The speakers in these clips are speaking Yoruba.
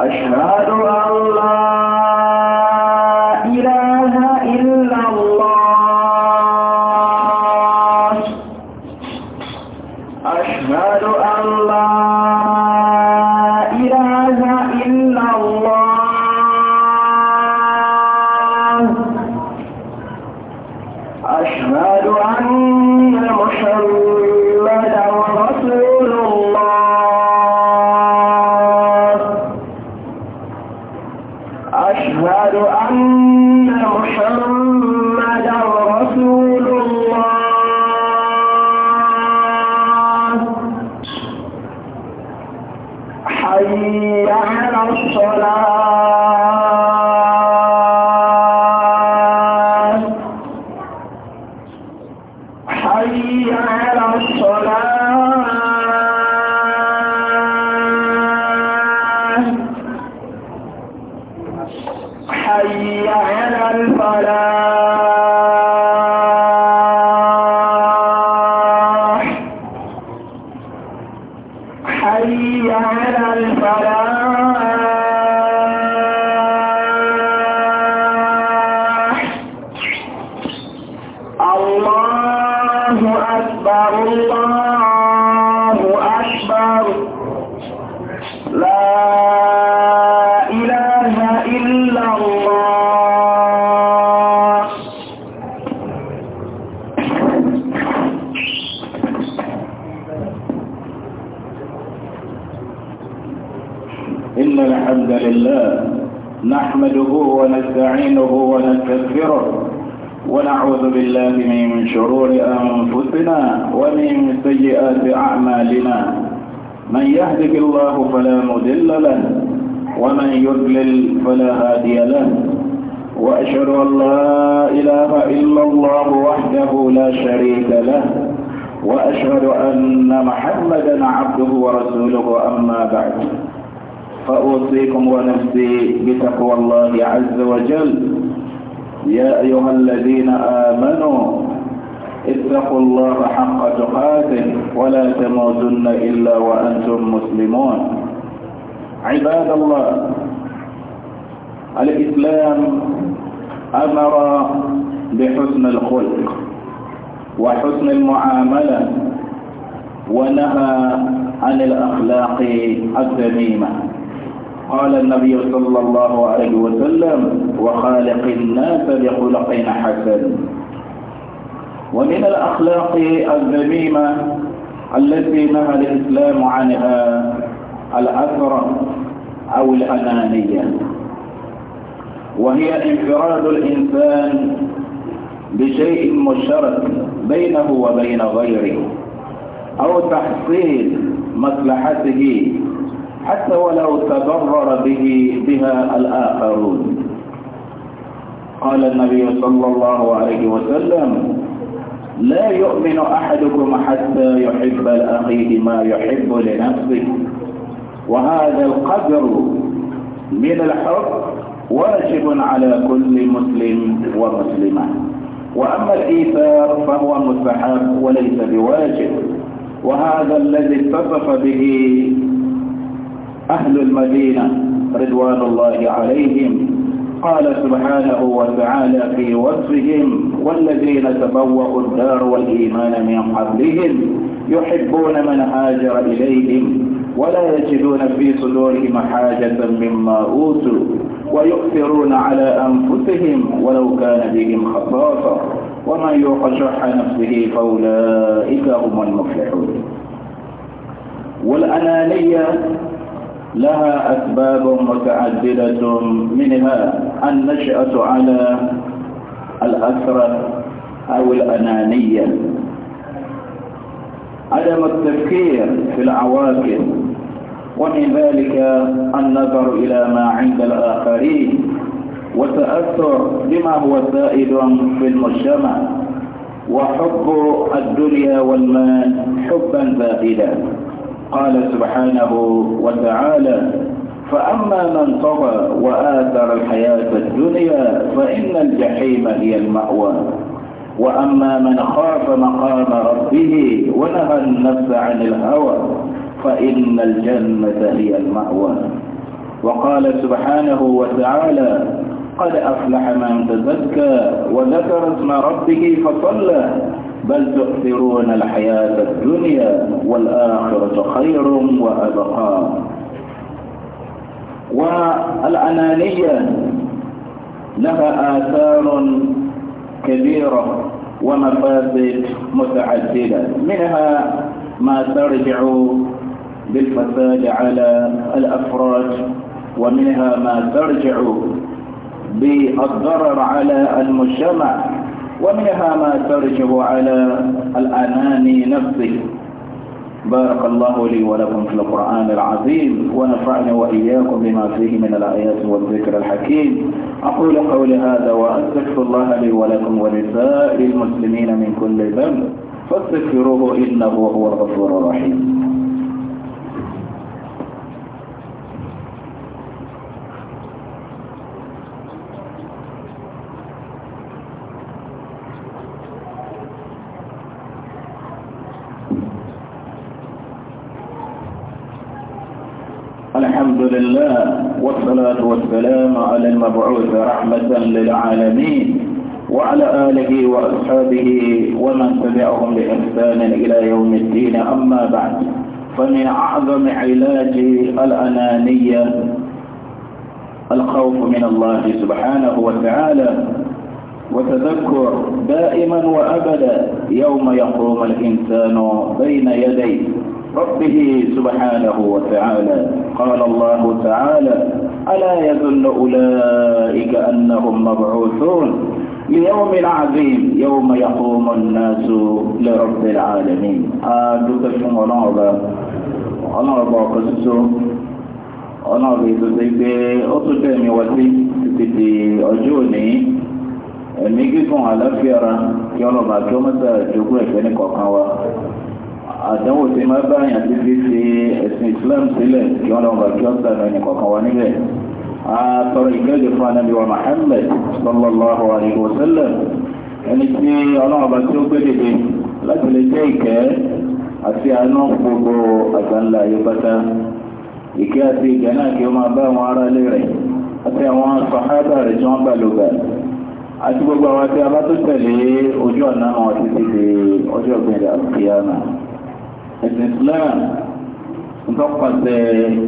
أشهد أن لا مضل له ومن يضلل فلا هادي له وأشهد أن لا إله إلا الله وحده لا شريك له وأشهد أن محمدا عبده ورسوله أما بعد فأوصيكم ونفسي بتقوى الله عز وجل يا أيها الذين آمنوا اتقوا الله حق تقاته ولا تموتن إلا وأنتم مسلمون عباد الله الإسلام أمر بحسن الخلق وحسن المعاملة ونهى عن الأخلاق الذميمة قال النبي صلى الله عليه وسلم وخالق الناس بخلق حسن ومن الأخلاق الذميمة التي نهى الإسلام عنها الأثرة أو الأنانية وهي انفراد الإنسان بشيء مشترك بينه وبين غيره أو تحصيل مصلحته حتى ولو تضرر به بها الآخرون قال النبي صلى الله عليه وسلم لا يؤمن أحدكم حتى يحب لأخيه ما يحب لنفسه وهذا القدر من الحب واجب على كل مسلم ومسلمة وأما الإيثار فهو مستحب وليس بواجب وهذا الذي اتصف به أهل المدينة رضوان الله عليهم قال سبحانه وتعالى في وصفهم والذين تبوأوا الدار والإيمان من قبلهم يحبون من هاجر إليهم ولا يجدون في صدورهم حاجة مما أوتوا ويؤثرون على أنفسهم ولو كان بهم خطاصة ومن يوق شح نفسه فأولئك هم المفلحون والأنانية لها أسباب متعددة منها النشأة على الأسرة أو الأنانية عدم التفكير في العواقب ومن ذلك النظر إلى ما عند الآخرين وتأثر بما هو سائد في المجتمع وحب الدنيا والمال حبا زائدا قال سبحانه وتعالى فأما من طغى وآثر الحياة الدنيا فإن الجحيم هي المأوى وأما من خاف مقام ربه ونهى النفس عن الهوى فإن الجنة هي المأوى وقال سبحانه وتعالى قد أفلح من تزكى وذكر اسم ربه فصلى بل تؤثرون الحياة الدنيا والآخرة خير وأبقى والأنانية لها آثار كبيرة ومفاسد متعددة منها ما ترجع بالفساد على الأفراد ومنها ما ترجع بالضرر على المجتمع ومنها ما ترجع على الأناني نفسه بارك الله لي ولكم في القرآن العظيم ونفعني وإياكم بما فيه من الآيات والذكر الحكيم أقول قولي هذا وأستغفر الله لي ولكم ولسائر المسلمين من كل ذنب فاستغفروه إنه هو الغفور الرحيم الحمد لله والصلاة والسلام على المبعوث رحمة للعالمين وعلى آله وأصحابه ومن تبعهم بإحسان إلى يوم الدين أما بعد فمن أعظم علاج الأنانية الخوف من الله سبحانه وتعالى وتذكر دائما وأبدا يوم يقوم الإنسان بين يدي ربه سبحانه وتعالى قال الله تعالى ألا يظن أولئك أنهم مبعوثون ليوم عظيم يوم يقوم الناس لرب العالمين أدوك شم ونعبا ونعبا قصصو ونعبا يتسيب أتجمي وسيب تبدي أجوني ميكي كون على فيرا kí ما كومتا ó mọ́ta ìjókòó àdánwò tí máa bá àyàn ti ẹ̀sìn Islam sílẹ̀ kí wọ́n lọ́wọ́ kí wọ́n sàmì ẹni kọ̀ọ̀kan wá níbẹ̀ àtọ̀rọ̀ ìgbẹ́jọ fún anábì wa Muhammad sallallahu alaihi wa sallam ẹni tí ọlọ́wọ́ bá tí ó gbé dìde láti lè jẹ́ ìkẹ́ àti àánú gbogbo àgbáńlá ayé pátá ìkẹ́ àti ìgbẹ́ náà kí ó máa bá àwọn ará ilé rẹ̀ àti àwọn sàhábà rẹ̀ tí wọ́n bá àti gbogbo àwọn tí a bá tó tẹ̀lé ojú ọ̀nà àwọn títí di ọjọ́ ìgbìyànjú àti kíyàmà. ẹ̀sìn Islam ntọ́pasẹ̀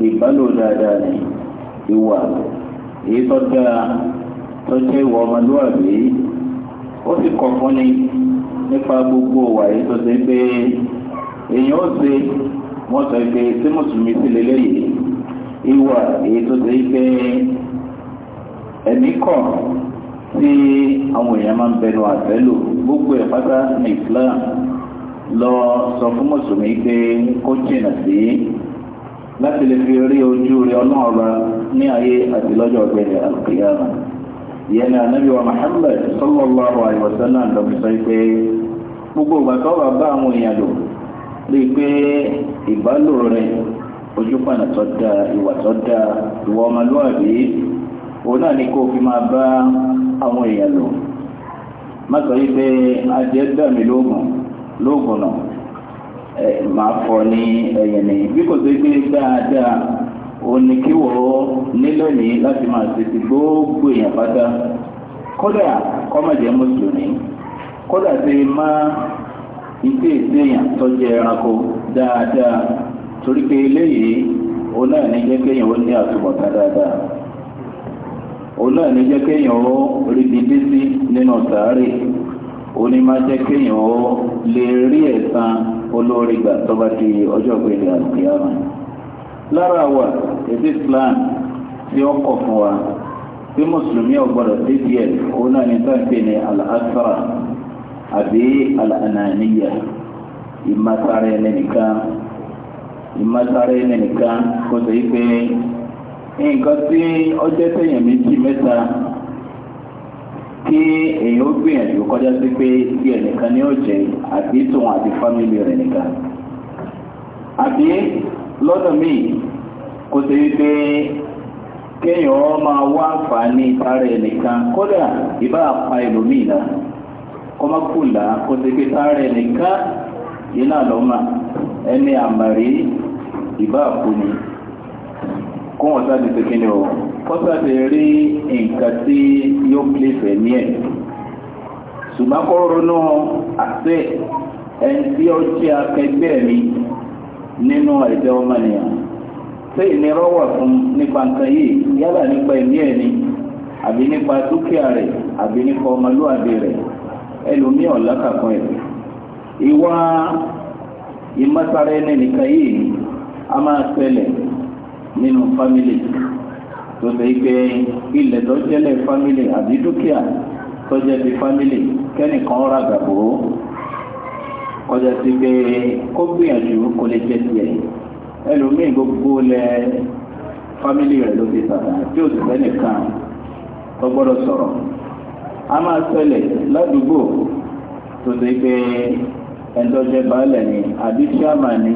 ìbálò dáadáa ni ìwà èyí tó dáa ìwà ọmọlúwàbí ó sì kọ̀ fún ni nípa gbogbo ìwà èyí tó ṣe pé èèyàn ó ṣe wọ́n sọ pé tí mùsùlùmí sì lélẹ̀ yìí ìwà èyí tó ṣe pé ẹ̀mí kọ̀ tí àwọn èèyàn máa gbogbo ẹ̀ lọ sọ fún mùsùlùmí pé kó jìnà sí láti lè fi rí ojú rí ọlọ́run ra ní ayé àti lọ́jọ́ ọ̀gbẹ́ni àlùkìyàmù ìyẹn ní anabi sallallahu alayhi wa sallam lọ́bi sọ pé gbogbo ìgbà tó bá bá àwọn èèyàn lò rí i pé ìbálò rẹ ojú pàna tó dáa ìwà tó dáa ìwà ọmọlúwàbí òun náà ni kó fi máa bá àwọn èèyàn lò má sọ yìí pé adìẹ dà lóògùn. lóògùn náà máa fọ ní ẹ̀yìn ní bí kò tó gbé dáadáa òní kí wọ́n nílò ní láti máa ṣe ti gbogbo èèyàn pátá kódà kọ́mọ̀jẹ́ mùsùlùmí kódà ti máa ìdí èèyàn tó jẹ ẹranko dáadáa torí pé eléyìí náà ní jẹ́ kéèyàn ó ní àtúbọ̀tá dáadáa náà ní jẹ́ kéèyàn ó rí bíbí sí nínú òní máa jẹ́ kéèyàn ó lè rí ẹ̀san olórí gbà tó bá di ọjọ́ lára wa Islam tí ó kọ̀ fún wa tí mùsùlùmí ọ̀gbọ́dọ̀ sí díẹ̀ òun náà ní sáǹpé ní al àbí al ìmásáré ẹnìkan ìmásáré ẹnìkan kó sọ pé nǹkan tí méjì kí èyàn ó kọjá sí pé bí ẹnìkan ní òjẹ́ àbí tòun àti fámílì rẹ̀ nìkan àbí lọ́dọ̀ míì kò sí wípé kéèyàn ó máa wá àǹfààní tara ẹnìkan kódà ìbá ẹlòmíì náà kò sí pé ẹnìkan iná ẹni àmàrí ìbá àpò ni kó ti ṣe kọ́sàtì rí nǹkan tí yóò lè fẹ̀ ní ẹ̀ ṣùgbọ́n kó àṣẹ ẹni tí ó jẹ́ akẹgbẹ́ mi nínú ẹ̀jẹ̀ ọmọnìyàn ṣé ìnira wà fún ni àbí nípa dúkìá rẹ̀ àbí nípa ọmọlúwàbí rẹ̀ ẹlòmíì ọ̀làkàkùn ẹ̀ ìwà ìmọ̀sára ẹni nìkan yìí a máa ṣẹlẹ̀ nínú fámìlì kan tó ṣe pé ilẹ̀ tó jẹ́lẹ̀ fámìlì àbí dúkìá tó jẹ́ ti fámìlì kẹ́nìkan rà gàbó kọjá sí pé kó gbìyànjú kó lè jẹ́ tiẹ̀ ẹlòmíì gbogbo lẹ fámìlì rẹ̀ ló ti sàdá tí ò sì fẹ́ nìkan tó gbọ́dọ̀ sọ̀rọ̀ a máa ṣẹlẹ̀ ládùúgbò tó ṣe pé ẹ̀ńtọ́jẹ́ baálẹ̀ ni àbí ṣáàmà ni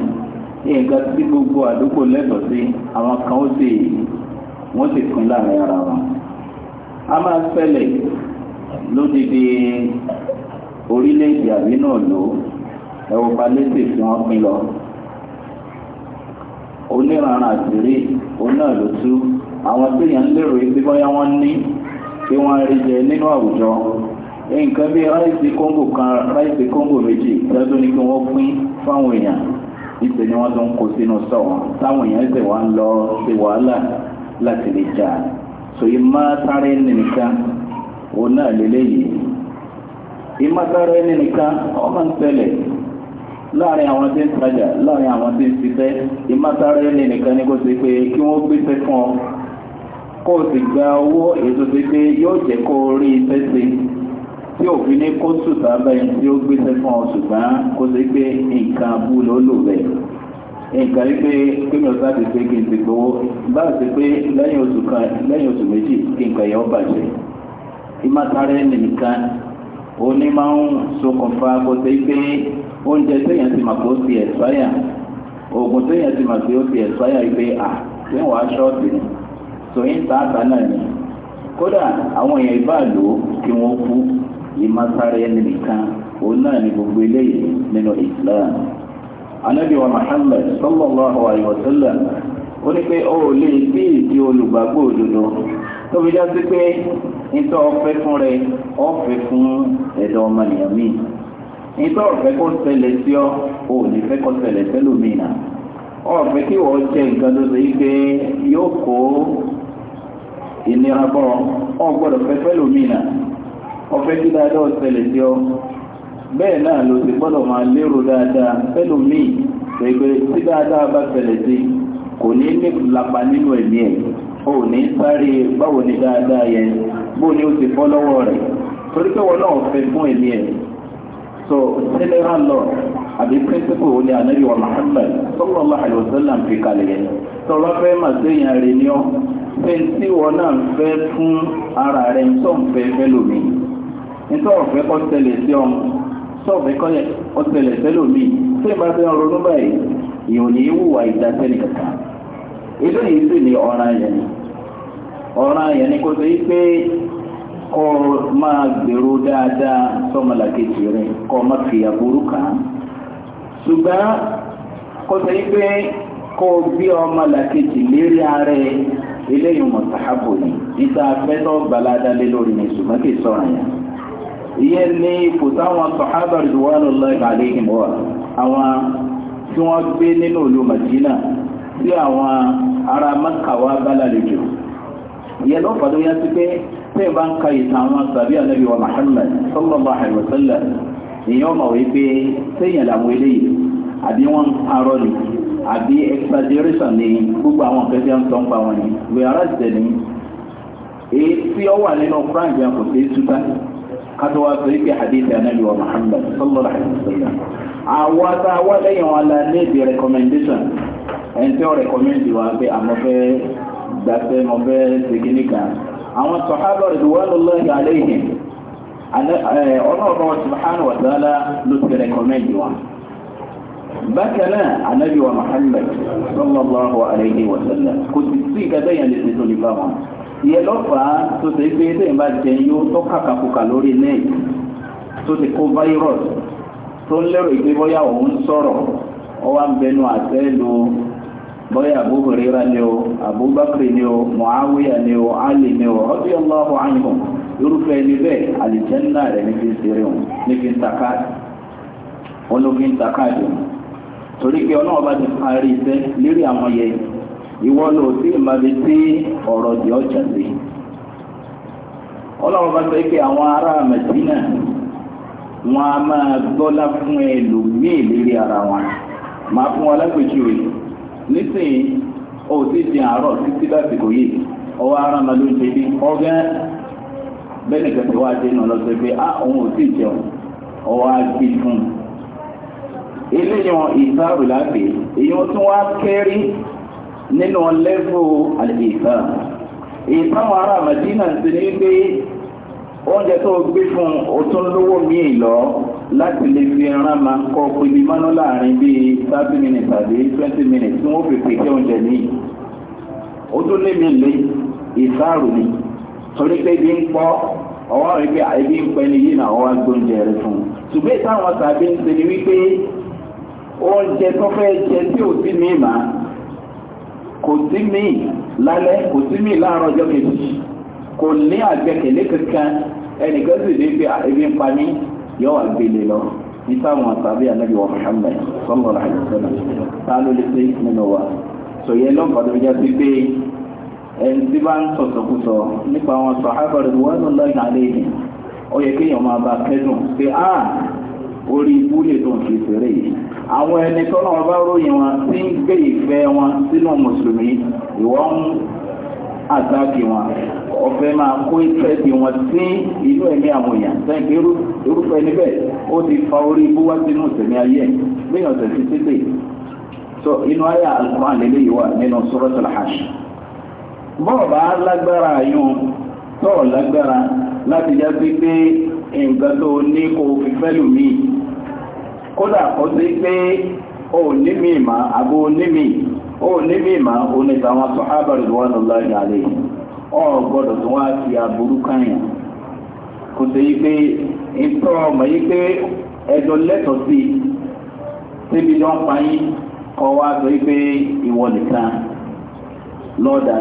nǹkan tí gbogbo àdúgbò lẹ́tọ̀ọ́ sí àwọn kan ó sì wọ́n sì kún láàrin ara wọn. a máa lódi lódìdí orílẹ̀-èdè àbí náà lò ẹ̀wọ̀n balẹ̀sì tí wọ́n lọ. oníranran àtìrí òun náà ló tú àwọn tí yẹn ń lérò pé bóyá wọ́n ní kí wọ́n rí jẹ nínú àwùjọ nǹkan bíi ráìsì kóńgò kan ráìsì kóńgò méjì lọ́dún fáwọn èèyàn ni wọ́n kó sínú sọ̀wọ́n táwọn èèyàn wá lọ wàhálà láti lè jà so ìmá sáré nìkan òun náà lélẹ́yìí ìmá sáré nìkan ọmọ ń tẹ̀lẹ̀ láàrin àwọn tí ń tajà láàrin àwọn tí ń ṣiṣẹ́ ìmá sáré nìkan ní kó ṣe pé kí wọ́n gbéṣẹ́ fún ọ kó o sì gba owó èso ṣe pé yóò jẹ́ kó o rí iṣẹ́ ṣe tí òfin ní kó sùtà bẹ́ẹ̀ tí ó gbéṣẹ́ fún ọ ṣùgbọ́n kó ṣe pé nǹkan abúlé ó lò bẹ́ẹ̀. nǹkan wípé kíni ọ̀sán ti pé kí n ti gbowó báyìí ti pé lẹ́yìn oṣù kan lẹ́yìn oṣù méjì kí nǹkan yẹn ó bàjẹ́ ìmọ̀tàrẹ́ nìkan òní máa ń ṣokùnfà kó ṣe pé oúnjẹ téèyàn ti mà kó ti ẹ̀sáyà oògùn téèyàn ti mà kó ti pé à ṣé wàá ṣọ́ọ̀tì ni tààtà náà ni kódà àwọn èèyàn ìbá lò ó kí wọ́n kú ìmọ̀tàrẹ́ nìkan òun náà anábì wa Muhammad sallallahu alayhi wa sallam ó ní pé ó lè sí ìdí olùgbàgbọ́ òdodo tó fi já sí pé nítorí ọ̀fẹ́ fún rẹ ọ̀fẹ́ fún ẹ̀dọ̀ ọmọnìyàn míì nítorí ọ̀fẹ́ kó ṣẹlẹ̀ sí ọ ò ní fẹ́ kó ṣẹlẹ̀ sẹ́lòmínà ọ̀fẹ́ kí wọ́n jẹ nǹkan tó ṣe pé yóò kó ìnira bọ̀ ọ gbọ́dọ̀ fẹ́ fẹ́lòmínà ọ̀fẹ́ kí dáadáa ṣẹlẹ̀ sí ọ bẹ́ẹ̀ náà ló ti gbọ́dọ̀ máa lérò dáadáa fẹ́lò míì pẹ̀pẹ́ tí dáadáa bá fẹlẹ̀ sí kò ní ní lapa nínú ẹ̀mí ẹ̀ o ní sáré báwo ni dáadáa yẹn bó ni ó ti bọ́ lọ́wọ́ rẹ̀ torí pé wọn náà fẹ́ fún ẹ̀mí ẹ̀ so tẹ́lẹ̀ hàn lọ àbí píríncípù wo ni ànábì wa Muhammad sallallahu alaihi wasallam fi kalẹ̀ yẹn tọ́lá fẹ́ mà séyìn rẹ̀ ni ọ́ fẹ́ tí wọn náà fẹ́ fún ara rẹ̀ ń tọ́ fẹ́ fẹ́ lómi ń tọ́ fẹ́ kọ́ tẹ̀lé sí ọmọ sọ́ọ̀bù ẹ̀kọ́ yẹn ọ̀sẹ̀lẹ̀ sẹ́lómi tí ìbá fẹ́ ronú báyìí ìhùn ní wùwà ìdásẹ́lẹ̀ kankan eléyìí sì ni ọ̀ràn yẹn ni ọ̀ràn yẹn ni kò sí pé kọ́ máa gbèrò dáadáa sọ́mọlàkejì rẹ̀ kọ́ máa fi àbúrú kàn án ṣùgbọ́n kò sí pé kọ́ bí ọmọlàkejì lérí ààrẹ eléyìí mọ̀tàhábò ni ìta afẹ́tọ́ gbaládálé lórí ni ṣùgbọ́n kì í sọ̀ràn yẹn. ihe ni ipò táwọn sọ̀hábà ridwanullahi alayhim wà àwọn tí wọ́n gbé nínú ìlú Madina sí àwọn ará Makka wá ìyẹn ló fàdó yá sí pé tẹ́ bá ń ka sàbí wa Muhammad sallallahu alaihi wa sallam èèyàn mọ̀ wípé làwọn eléyìí àbí wọ́n parọ́ ni àbí exaggeration ni gbogbo àwọn sọ ń pa wọn ni èyí tí ó قد واضحك حديث النبي محمد صلى الله عليه وسلم عواتا وليه على نبي ريكومنديشن انتو ريكومندي وابي اموفي داتي موفي سيكينيكا اما الصحابة رضوان الله عليهم انا اه الله سبحانه وتعالى لتي ريكومندي وان بكنا النبي محمد صلى الله عليه وسلم كنت تسيك دايا لتنسوني محمد ìyẹn lọ́fàá tó ṣe pé tẹ̀yìn bá jẹ yóò tó kàkàkùkà lórí net tó ti kó virus tó ń lérò pé bóyá òun sọ̀rọ̀ ó wá ń lu bóyá ni o abubakar ni o muawiya ni o ali ni o radiyallahu anhum irúfẹ́ ẹni bẹ́ẹ̀ àlìjẹ́nà rẹ̀ ní fi ṣeré ní fi ìwọ ló sí ìmọ̀lẹ́ sí ọ̀rọ̀ di ọjà sí. ọlọ́run bá sọ pé àwọn ará mẹ̀sínà wọn a máa gbọ́lá fún ara wọn máa fún wọn n'isi nísìnyí o ti di àárọ̀ títí yìí ara máa ló ń ṣe bí ọgẹ́ bẹ́ẹ̀ni kẹsì wá dé náà a ah, òun ò jẹun ọwọ́ á gbé fún un. eléyàn ìsáàrù èyí nínú lẹ́fù àlèkà ìtàwọn ará Madina ti ní pé oúnjẹ tó gbé fún òtún lówó míì lọ láti lè fi ẹran máa kọ pinni mọ́nú láàrin bíi thirty minutes àbí twenty minutes tí wọ́n fi pèsè oúnjẹ ní ojú lé mi lé ìsáàrù ni torí pé bí ń pọ́ ọwọ́ rẹ̀ pé àìbí ń pẹ́ ni yìí náà wọ́n á gbóúnjẹ rẹ̀ fún un ṣùgbọ́n ìtàwọn tàbí ń ṣe ni wípé oúnjẹ tó fẹ́ jẹ tí ò sí ní ìmọ̀ kò sí míì lálẹ́ kò sí míì láàárọ̀ ọjọ́ kejì kò ní àgbẹ̀kẹ̀lé kankan ẹnìkan sì ní pé ebi ń pa mí yọ wà gbélé lọ nítawọn àtàbí ànábì wa Muhammad sọlọ́ọ̀rọ̀ àyẹ̀sọ́nà tá ló lè pé nínú wa sọ̀yẹ́ lọ́kọ̀ọ́ tó fi jẹ́ sí pé ẹni tí bá ń sọ̀sọ̀kúsọ̀ nípa àwọn sọ̀hábà rẹ̀ wọ́n lọ́ọ́ orí ibú lè dùn sí ìṣeré yìí àwọn ẹni tọ́nà wọn bá ròyìn wọn tí ń gbé ìfẹ́ wọn sínú mùsùlùmí ìwọ ń àtàkì wọn ọ̀fẹ́ máa kó ìtẹ́sí wọn sí inú ẹ̀mí àwọn èèyàn sẹ́yìn pé irúfẹ́ níbẹ̀ ó ti fa orí ibú wá sínú ìsẹ̀mí ayé gbéyàn ọ̀sẹ̀ sí títì so inú ayé àlùkò àlélẹ́ yìí wà nínú suratul Hashd bọ́ọ̀bá lágbára yún tọ́ọ̀ lágbára láti já sí pé nǹkan tó ní kó fi fẹ́lù kódà kó sí pé ó ní mi mà àbó ní mi ó ní mi mà ó ní tàwọn ọ gbọ́dọ̀ tó wá sí aburú káyàn kò sí pé ìtọ́ ọmọ yìí pé ẹjọ́ sí síbi ń pa yín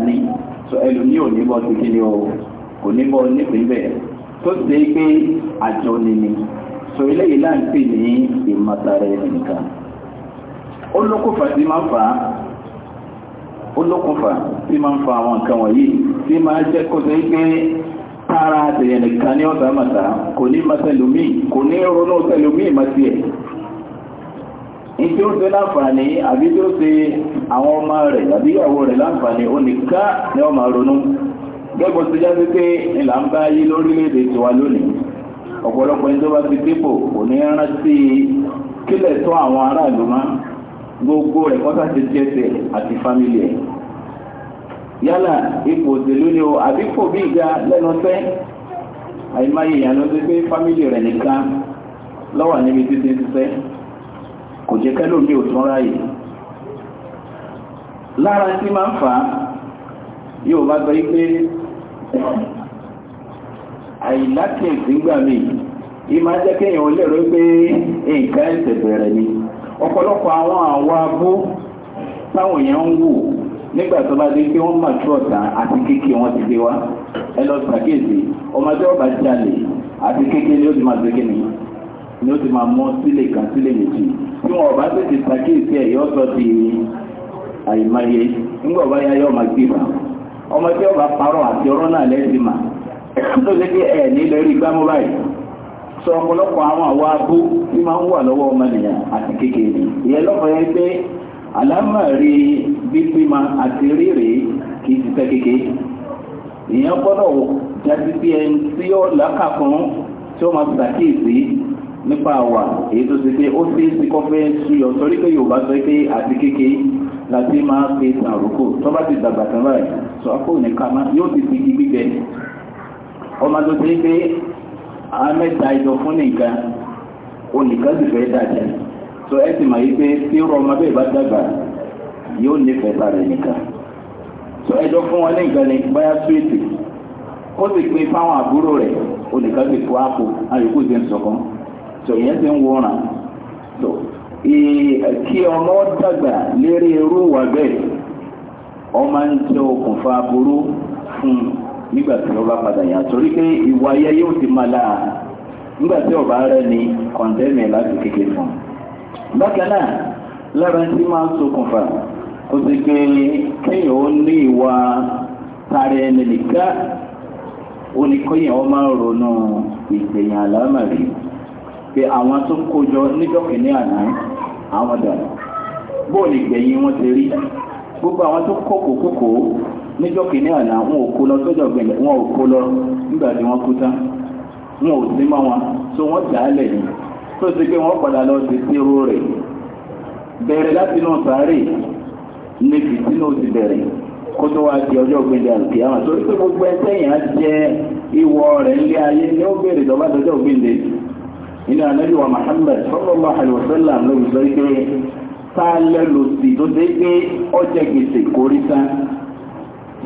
ni ẹlòmíì ò ní bọ́ sí kí ni o kò ní bọ́ nípìnlẹ̀ sọ eléyìí náà ń pè ní ìmọ̀tara ẹnìkan olókùnfà tí máa ń fà á olókùnfà tí máa ń fa àwọn nǹkan wọ̀nyí tí máa jẹ́ kó sẹ́ pé tààrà àtẹ̀yẹ̀ nìkan ní ọ̀sán màtà kò ní màtẹ̀lómì kò ní ronú tẹ̀lómì màtì ẹ̀ ìtí ó ṣe láǹfààní àbí tí ó ṣe àwọn ọmọ rẹ̀ àbí ìyàwó rẹ̀ láǹfààní ó nìkan ní ọmọ ronú gẹ́gbọ́ sí jáde pé ìlà bá yí lórílẹ̀-èdè tiwa lónìí ọ̀pọ̀lọpọ̀ ẹni tó bá fi dépò kò ní rántí kílẹ̀ tó àwọn aráàlú má gbogbo rẹ̀ kọ́tà ti tiẹ̀ tẹ̀ àti fámìlì ẹ̀ yálà ipò òṣèlú ni o àbí kò bí ìga lẹ́nu sẹ́ àìmáyé ìyànà tó pé fámìlì rẹ̀ nìkan lọ́wọ́ níbi títí ṣiṣẹ́ kò jẹ́ kẹ́lòmí ò tún ráyè lára tí máa ń fà á yóò bá gbọ́ yí pé Ayi gbà mí yìí jẹ́ kéèyàn lérò pé nǹkan ẹ̀sẹ̀ bẹ̀rẹ̀ ni ọ̀pọ̀lọpọ̀ àwọn àwọn abó táwọn èèyàn ń wò nígbà tó bá dé pé wọ́n mà tú ọ̀tá àti kéèké wọn ti dé wá ẹ lọ ọmọdé ọba jalè àti kéèké ni ó ti máa gbé kíni ni ó ti máa mọ sílé kan sílé méjì tí wọn ọba sàkéèsì sọ ti ọba yá yọ ọmọdé ọba parọ́ àti tó lé pé ẹ̀ ní lórí gbámú báyìí sọ ọ̀pọ̀lọpọ̀ àwọn àwa abú ní máa ń wà lọ́wọ́ ọmọnìyàn àti kékeré ìyẹn lọ́fọ̀ọ́ yẹn pé àlámà rí gbígbímà àti rírè kì í ti tẹ́ kékeré ìyẹn gbọ́dọ̀ jáde bí ẹni tí ó lákàkún tí ó máa ṣàkíyèsí nípa àwà èyí tó ṣe pé ó ṣe é ṣe kọ́ fẹ́ ṣuyọ̀ torí pé Yorùbá sọ pé àti kékeré láti máa fi tàn àròkò tó bá ti dàgbà tán báyìí sọ àpò nìkan yóò ti fi gbígbẹ ọmọ tó ti pé a mẹ́ta ìjọ fún nìkan onìkan sì fẹ́ dàjẹ́ so ẹ ti ma yí pé tí rọ ọmọ bẹ́ẹ̀ bá dàgbà yóò nífẹ̀ẹ́ rẹ̀ nìkan so ẹjọ́ fún wọn ní nǹkan ní súwìtì ó sì pé fáwọn àbúrò rẹ̀ onìkan sì fún àpò ti ń sọ̀kan so ìyẹn ti ń wọ́ràn so kí ọmọ dàgbà lérí irú wà bẹ́ẹ̀ ọmọ ń jẹ́ okùnfà fún n'igbati tí ọba padà yà torí pé ìwà ayé yóò ti máa láà ọba ni kọ̀ǹdẹ́mì láti kékeré fún un. bákan náà lára tí máa ń ṣokùnfà kò sí pé kéèyàn ó ní ìwà tààrẹ ẹni nìkan oníkóyè wọn máa ń ronú ìgbìyàn àlámàrí pé àwọn tó kójọ níjọkìnní àná àwọn dànù bóòlù ìgbẹ̀yìn wọn ti rí gbogbo àwọn tó níjọ́ kìíní àná wọn ò kó lọ sọ́jọ́ gbẹ̀lẹ̀ wọn ò kó lọ nígbà tí wọ́n wọn ò sí mọ́ wọn tó wọ́n á lẹ̀ yìí tó ti pé wọ́n padà lọ sí sí irú rẹ̀ bẹ̀rẹ̀ láti inú ní ti bẹ̀rẹ̀ kó tó wáá di ọjọ́ gbẹ̀lẹ̀ àti àwọn pé gbogbo á jẹ́ ìwọ rẹ̀ nílé ayé ni ó gbẹ̀lẹ̀ inú anábì wa a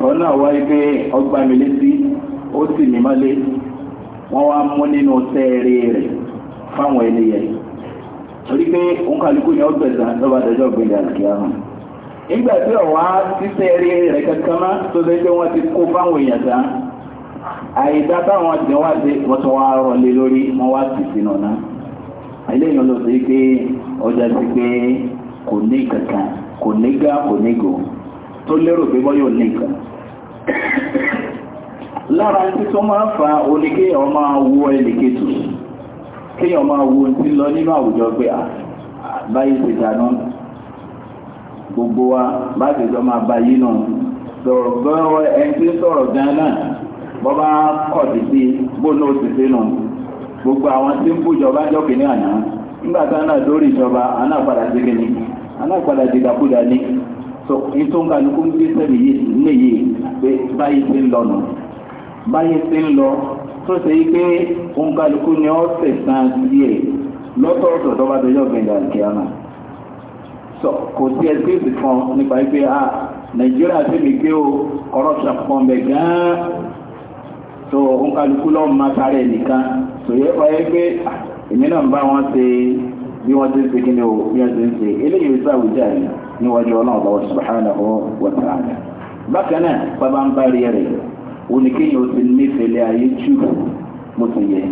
ọ̀rọ̀ náà wáyé pé ọgbà mi létí ó sì ní mọ́lé wọ́n wá mú nínú sẹ́ẹ̀rẹ́ rẹ̀ fáwọn ẹni torí pé òǹkàlùkù ni ọgbẹ̀sán lọ́ba àdájọ́ ọ̀gbẹ̀dẹ̀ àkíyàmù nígbà tí ọ̀wá sísẹ́ẹ̀rẹ́ rẹ̀ kankan má tó fẹ́ pé wọ́n ti kó fáwọn èèyàn tán àìdá táwọn ti wá sí wọ́n wá lórí wọ́n wá sì sínú pé ọjà sí pé kò ní kankan tó lérò pé bọ́yọ̀ ní nǹkan lára tí tó máa fa oní ọ máa wo kí kéèyàn máa wo ti lọ nínú àwùjọ pé báyìí ti dáná gbogbo wa bá jọ máa bá yín sọ̀rọ̀ gbọ́rọ̀ ẹni tí sọ̀rọ̀ gan náà bọ́ bá kọ̀ sí sí bóná gbogbo àwọn tí ń bújọba àná nígbà náà lórí ìjọba sí kìíní sí so ètò ń kálukú ń gbé sẹ́mi yìí níyì pé báyìí ti ń lọ nù báyìí ti ń lọ tó ṣe yí pé ń kálukú ni ó tẹ̀sán díẹ̀ lọ́tọ̀ọ̀tọ̀ tó bá dojọ́ gbẹ̀ngàn kìámà kò sí ẹsẹ̀sì kan nípa wípé a ah, nàìjíríà ti mi gbé o corruption pọ̀ mbẹ̀ gan-an so ń kálukú lọ́ọ́ máa sáré nìkan sòye ọ̀yẹ́ pé ah, èmi ń bá wọn ṣe bí wọ́n ti ń ṣe kí ni o bí wọ́n ti ń ṣe eléyìí sáwùjá yìí níwájú ọlọ́run lọ́wọ́ subhanahu wa ta'ala bákan náà bàbá ń bá rí rẹ̀ oníkéyìn ó ti nífẹ̀ẹ́ lé ayé jù bó ti yẹ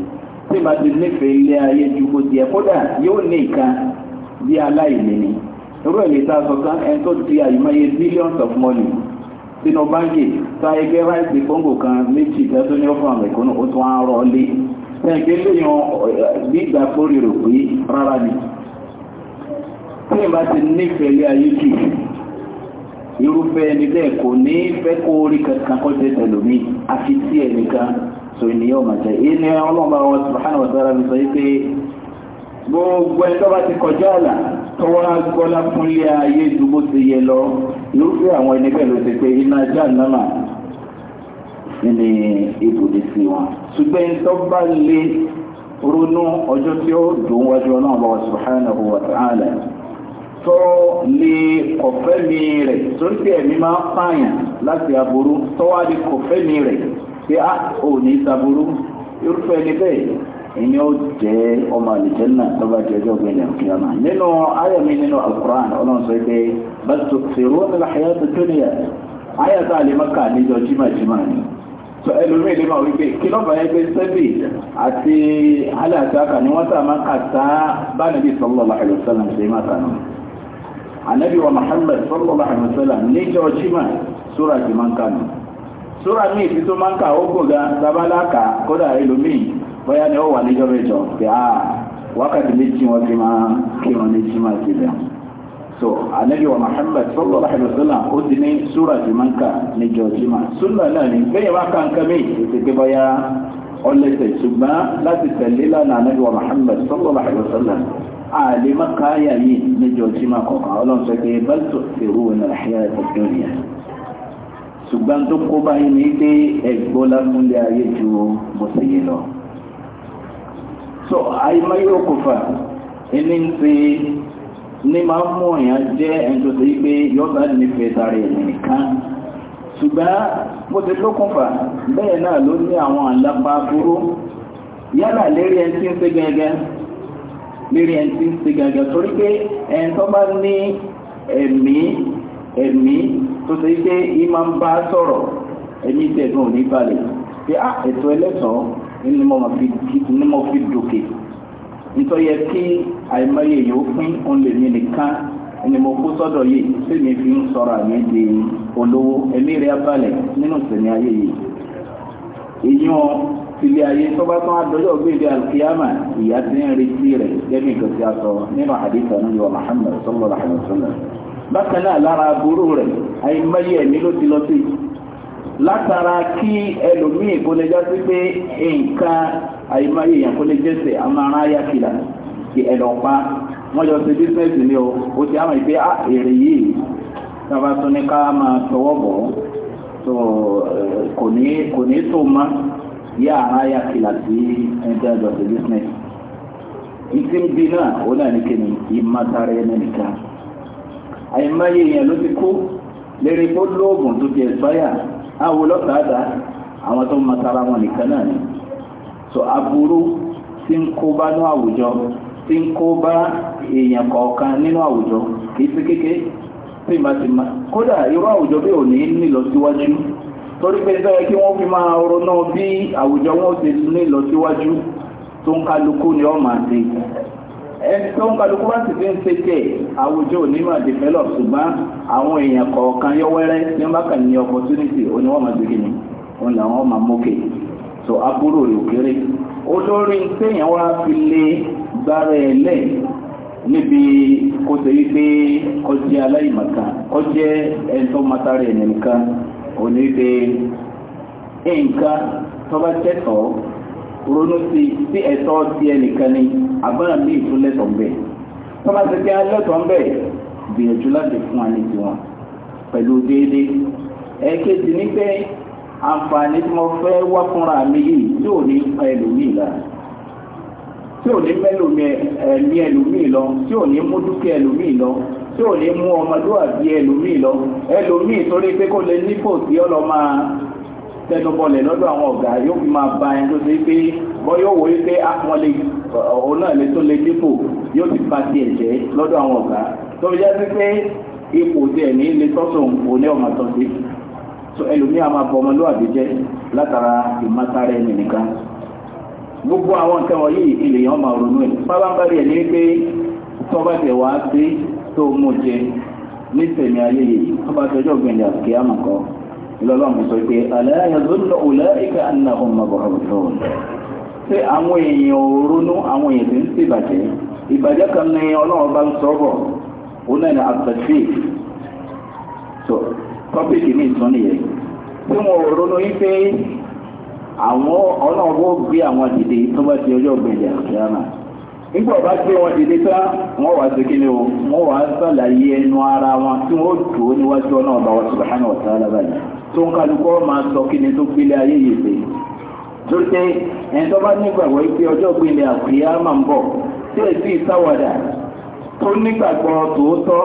tí bá ti nífẹ̀ẹ́ lé ayé jù bó ti yẹ kódà yóò ní nǹkan bí aláìní ni irú ẹ̀ lè ta sọ kan ẹni tó ti àyùmáyé billions of money sínú báńkì ta ẹgbẹ́ ráìsì kóńgò kan méjì tẹ́tún ní ọ̀fọ̀ àmì ìkónú ó tún á rọ lé tẹ̀gbẹ́ lẹ́yìn bí ìgbà kórìrò pé rárá ni tí ìbá ti nífẹ̀ẹ́ ayé jù irúfẹ́ ẹni bẹ́ẹ̀ kò ní fẹ́ kó orí kankan kọ́ jẹ́ tẹ̀lómi àfi tí ẹnìkan sọ ènìyàn ọmọ jẹ́ èyí ọlọ́mọ àwọn subhanahu wa ta'ala mi sọ yí pé gbogbo ẹni tó bá ti kọjá àlà tọwọ́ agbọ́lá fúnlé ayé ju bó ti yẹ lọ irúfẹ́ àwọn ẹni bẹ́ẹ̀ ló ti pé iná jahannama nínú ibùdó sí wọn ṣùgbọ́n tó bá lè ronú ọjọ́ tí ó dùn wájú ọlọ́mọ àwọn subhanahu wa ta'ala tó lè kọ̀fẹ́ mi rẹ̀ torí pé ẹ̀mí máa ń pààyàn láti aburú tó wá lè kọ̀fẹ́ mi rẹ̀ pé á ah, ò ní saburú irúfẹ́ ni bẹ́ẹ̀ ìní ó jẹ́ ọmọ àlìjẹ́nà tó bá jẹ́ ọjọ́ gbẹ̀lẹ̀ òkèèyàn nínú ayọ̀mí nínú alukur'an ọlọ́run sọ pé bá tó fèrè wọn nílá ayé tó tó níyà ayé tó àlè má kà níjọ jimajima ni sọ ẹlòmíì lè máa wí pé kí lọ́ba yẹn pé sẹ́bì àti alẹ́ àti àkànní wọ́n sà máa kà sá bá níbi sallallahu alaihi ṣe máa kà náà anabi wa muhammad sallallahu alaihi wasallam níjọ́ jimá sóra ti máa ń kà nù sóra míì tí tó máa ń kà ó gùn gan tábàlà kà kódà ẹlòmíì bóyá ni ó wà níjọ́ mẹ́jọ pé a ah, wákàtí méjì wọn ti máa kírun ní jimá ti bẹ̀ so anabi wa muhammad sallallahu alaihi wasallam ó ti ní sóra ti máa ń kà níjọ́ jimá sunna náà ni bẹ́ẹ̀ wá kàǹkà míì ètò pé bóyá ọlẹ́sẹ̀ ṣùgbọ́n láti tẹ̀lé lánàá anabi wa muhammad sallallahu alaihi àlè mọ́ká ayà yìí níjọ tí máa kọ̀ọ̀kan ọlọ́run sọ pé bal tu'thiruna ṣùgbọ́n tó kó báyìí ní pé ẹ̀gbọ́n ayé ju mọ̀sẹ̀yẹ lọ. so àìmọye okùnfà ẹni ń pe ní máa mú èèyàn jẹ́ ẹni tó ṣe pé yọ́ọ̀bá nífẹ̀ẹ́ nìkan ṣùgbọ́n ti bẹ́ẹ̀ náà ló ní àwọn àlápá yálà lérí ẹni tí ń gẹ́gẹ́ lérí ẹni tí ń ṣe gàgà torí pé ẹni tó bá ní ẹ̀mí ẹ̀mí tó ṣe pé ìmọ̀ ń bá sọ̀rọ̀ ẹ̀mí tẹ̀gbọ́n ò ní balẹ̀ pé á ah, ètò ẹlẹ́sàn ni mo fi dòkè nítorí ẹ kí àìmọye yòó pín òun lè mí nìkan ẹni mo kó sọ́dọ̀ yìí tí mi fi ń sọ̀rọ̀ àmì di olówó ẹ̀mí rẹ̀ balẹ̀ nínú ìsẹ̀mí ayé yìí. ìyún sílé ayé tọ́ba tán adọ́jọ́ gbèdé alkiyama ìyá tí ń retí rẹ̀ gẹ́gẹ́ nǹkan tí a sọ nínú àdìsá ní yọ Muhammad sallallahu alaihi wasallam bákan náà lára aburú rẹ̀ àìmọye ẹ̀mí ló ti lọ sí látara kí ẹlòmíì kó lè jásí pé nǹkan àìmọye èèyàn kó lè jẹ́sẹ̀ amára ayákìlá ti ẹ̀lọ́pàá wọ́n jọ ṣe bísíǹsì ni o ó ti àwọn ìgbé ah, èrè yìí tọ́ba tún ní ká máa tọwọ́ bọ̀ eh, kò ní tó máa yára ya kìlà sí ẹnjẹ àjọṣe business ìtì ń bí náà ó náà nìkẹ́ni ìmátara ẹni nìkan àìmáyé yẹn ló ti kó lérí tó lóògùn tó ti ẹ̀sọ́yà àwọn ọlọ́kadà àwọn tó ń matara wọn nìkan náà ni so aburú tí ń kó bá ní àwùjọ tí ń kó bá èèyàn kọ̀ọ̀kan nínú àwùjọ kì í sí kékeré tí ìbá ti ma kódà irú àwùjọ bí ò nílọ síwájú torí pé bẹ́ẹ̀ kí wọ́n fi máa ronú bí àwùjọ wọn ṣe ní ìlọsíwájú tó ń kálukú ni ọ máa ṣe ẹni tó ń kálukú bá sì fi ń ṣe tẹ̀ àwùjọ òní máa develop ṣùgbọ́n àwọn èèyàn kọ̀ọ̀kan yọ́wẹ́rẹ́ ní wọ́n ní opportunity òní wọ́n máa gbégi ni òun làwọn máa mókè so aburú rè òkèrè olórí téèyàn wá fi lé gbára ẹ lẹ níbi kó ṣe wípé kọjá aláìmọ̀kan kọjá ẹni tó mọ́tàrí ẹ̀ nìkan òní pé nǹkan tọ́ba tẹ́tọ̀ọ́ ronú sí sí ẹ̀tọ́ sí ẹnìkan ni àbọ̀nà míì tún lẹ́tọ̀ọ́ ń bẹ̀ tọ́ba ti jẹ́ alẹ́tọ̀ọ́ ń bẹ̀ gbìyànjú láti fún wa ní tiwọn pẹ̀lú déédéé ẹ̀ẹ́kejì ní pé àǹfààní tí mo fẹ́ wá fúnra mi yìí tí ò ní pa ẹlòmíì lára tí ò ní mẹ́lòmíì ẹ̀mí ẹlòmíì lọ tí ò ní mú dúkìá ẹlòmíì lọ tí ò lè mú ọmọlúwàbí ẹlòmíì lọ ẹlòmíì torí pé kó lè nípò tí ọ lọ máa tẹnubọlẹ̀ lọ́dọ̀ àwọn ọ̀gá yóò fi máa ba ẹni tó ṣe pé bọ́ yóò wòye pé àwọn ah, lè òun náà lè tó lè nípò yóò ti ba tiẹ̀ jẹ́ lọ́dọ̀ àwọn ọ̀gá tó fi jẹ́ pé ipò tiẹ̀ ní lè tọ́sùn òní ọmọ tó ẹlòmíì a máa bọ ọmọlúwàbí jẹ́ látara ìmọ̀tara ẹni nìkan gbogbo àwọn nǹkan wọ̀nyí ìlèyàn máa ronú ẹ̀ pápá ń bá rí ẹ̀ ní pé tọ́ba wá sí tó mú jẹ ní tẹ̀mí ayé yìí tó bá tọjọ́ gbẹ̀ndẹ̀ àti àmà kọ́ ìlọ́lọ́mù sọ pé aláyà zọ́lọ́ òlà ìfẹ́ ànàhùn mọ̀bọ̀rọ̀bọ̀rọ̀ pé àwọn èèyàn ò ronú àwọn èèyàn tí ń sì bàjẹ́ ìbàjẹ́ kan ní ọlọ́run bá ń sọ́bọ̀ ó náà ní àtàfíì so tọ́pìkì mi tún nìyẹn tí wọn ò ronú yín pé àwọn ọlọ́run ó gbé àwọn dìde tó bá ti ọjọ́ gbẹ̀ndẹ̀ àti àmà nígbà bá gbé wọn dìde tán wọn wà sí kíni o wọn wà sàlàyé ẹnu ara wọn tí wọn dùn ó níwájú ọ̀nà ọ̀bà wọn subhanahu wa ta'ala báyìí tó ń kálukọ́ máa sọ kíni tó gbélé ayé yìí sí torí pé ẹni tó bá nígbàgbọ́ pé ọjọ́ gbélé àkúyá máa ń bọ̀ tí èsì ìsáwàdà tó nígbàgbọ́ tòótọ́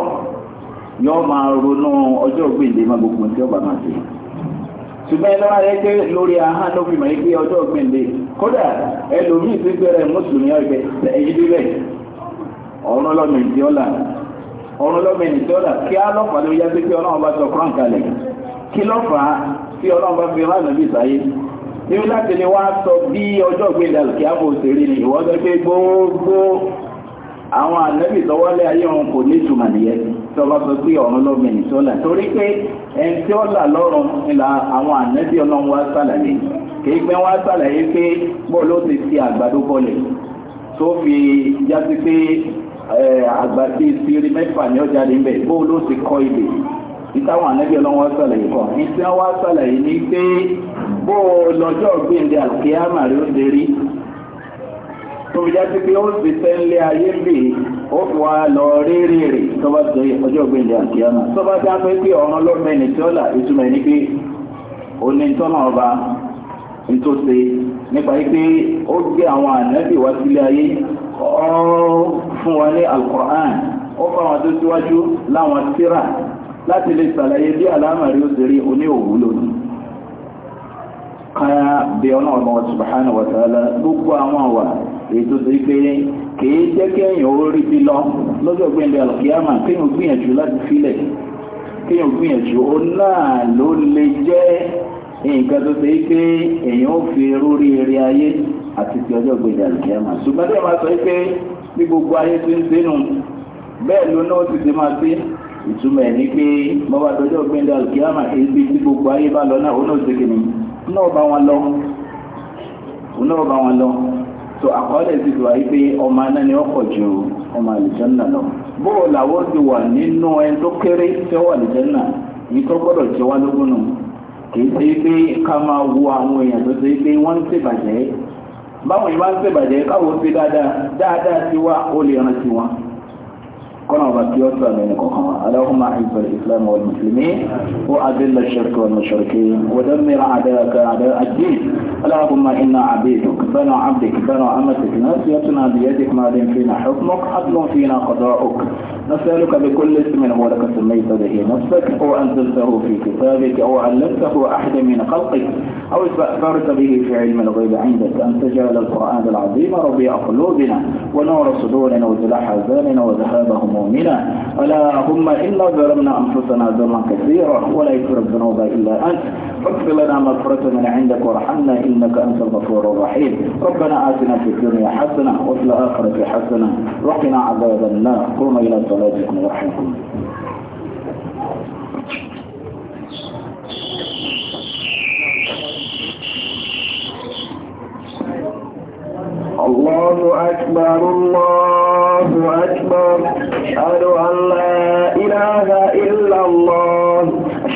yóò máa ronú ọjọ́ gbélé máa gbogbo tí ọba máa ṣe ṣùgbọ́n ẹni tó bá kódà ẹlòmíì ti gbẹ̀rẹ̀ mùsùlùmí ọ̀gbẹ̀ ẹ̀yí bíbẹ̀ ọ̀run lọ́mìn tí ọlọmọ là ọ̀run lọ́mìn ọlọmọ ó là kí á ló yá sí bá sọ kí tí ọlọ́run bá fi rán nàbí sáyé níbi láti lè wá sọ bí ọjọ́ kí á bò ni ìwọ́dọ́ pé gbogbo àwọn ànábì tọwọ́lé ayé wọn kò ní nìyẹn tí sọ pé ni àwọn ànábì kìí pẹ́ wá sàlàyé pé bọ́ọ̀lù ó ti ti àgbàdo bọ́ọ̀lù tó fi jáde pé àgbàdo ìṣeré mẹ́fà ni ọjà lè bẹ̀ bọ́ọ̀lù ó ti kọ́ ibè ìtàwọn ànábì ọlọ́wọ́ sàlàyé kọ́ ìṣe wá sàlàyé ni pé bọ́ọ̀lù ọjọ́ gbẹ̀ǹdẹ̀ àkíyàmà rẹ̀ ó dérí tó fi jáde pé ó ti tẹ́lẹ̀ ayé bè ó fi wá lọ rírì rè tó bá tẹ ọjọ́ gbẹ̀ǹdẹ̀ àkíyàmà tó bá dá pé pé ọ̀run ló mẹ́ni tí ó là ìtumọ̀ ẹni pé ó tọ́nà ọba nítòsí nípa pé ó gbé àwọn ànábì wá sílé ayé ó fún wa ní alukur'an ó fún àwọn tó síwájú láwọn tírà láti lè ṣàlàyé bí àlámàrí ó ṣeré oní òwúlò ní káyà bí ọ̀nà ọ̀nà subhanahu wa ta'ala gbogbo àwọn àwà ètò sí pé kìí jẹ́ kí èèyàn ó rí bí lọ lọ́jọ́ gbẹ̀ndẹ̀ alkiyama kéèyàn gbìyànjú láti filẹ̀ kéèyàn gbìyànjú ó náà ló lè jẹ́ nǹkan tó ṣe pé èèyàn ó fi rórí eré ayé àti ti ọjọ́ gbèdé àlùkìyàmà ṣùgbọ́n tí sọ pé bí gbogbo ayé ti ń sínú bẹ́ẹ̀ ló náà ti ti máa sí ìtumọ̀ ẹ̀ ní pé tọjọ́ ibi tí gbogbo ayé bá lọ náà ó náà ṣe náà bá wọn lọ náà bá wọn lọ tó àkọọ́lẹ̀ ti pé ọmọ aná ni ju ọmọ lọ ti wà nínú ẹni tó kéré tó gbọ́dọ̀ jẹ́ wá kìí ṣe pé ká máa wo àwọn èèyàn tó ṣe pé wọ́n ń ṣèbàjẹ́ báwọn yìí bá ń ṣèbàjẹ́ káwọn ṣe dáadáa dáadáa sí wa ó lè ràn sí wọn. كنا وبكيوت بأمينكم اللهم أعز الإسلام والمسلمين وأذل الشرك والمشركين ودمر أعداءك أعداء الدين اللهم إنا عبيدك بنو عبدك بنو أمتك ناسيتنا بيدك ماض فينا حكمك عدل فينا قضاؤك نسألك بكل اسم هو لك سميت به نفسك أو أنزلته في كتابك أو علمته أحد من خلقك أو استأثرت به في علم الغيب عندك أن تجعل القرآن العظيم ربيع قلوبنا ونور صدورنا وجلاح حزاننا وذهاب همومنا اللهم إنا ظلمنا أنفسنا ظلما كثيرا ولا يكفر الذنوب إلا أنت فاغفر لنا مغفرة من عندك وارحمنا إنك أنت الغفور الرحيم ربنا آتنا في الدنيا حسنة وفي الآخرة حسنة وقنا عذاب النار قوم إلى صلاتكم ورحمكم الله أكبر الله أكبر أشهد أن لا إله إلا الله